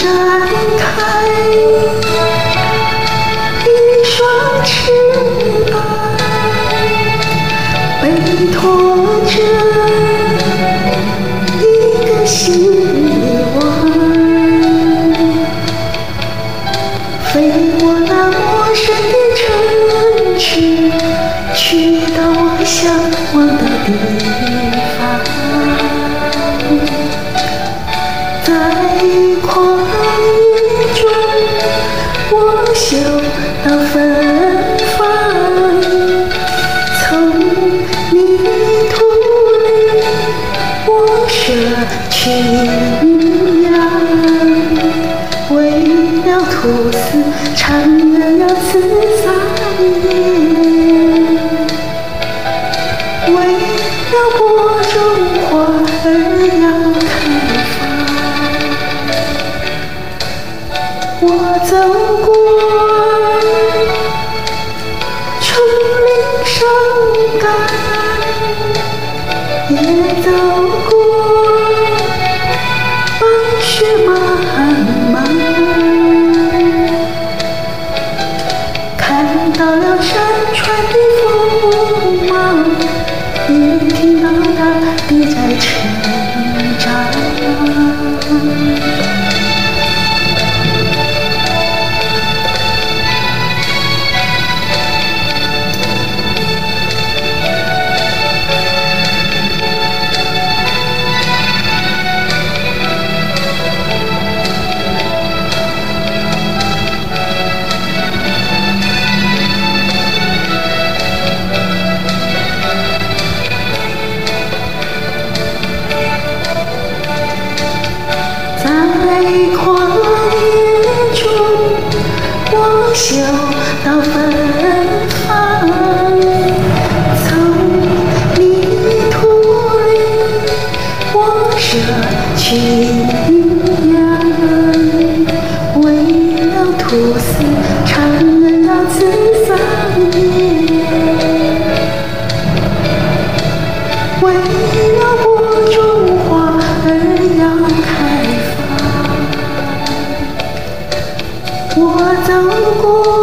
展開一雙翅膀，背馱着一個希望，飛過那陌生的城池，去到我嚮往的地方。在。嗅到芬芳，從泥土裡我生出芽，為了吐絲，蠶兒要吃桑葉，為了播種，花兒要開放。我走過。到了山川。嗅到芬芳，從泥土裡我攝取營養，為了吐絲，纏繞枝。我走過。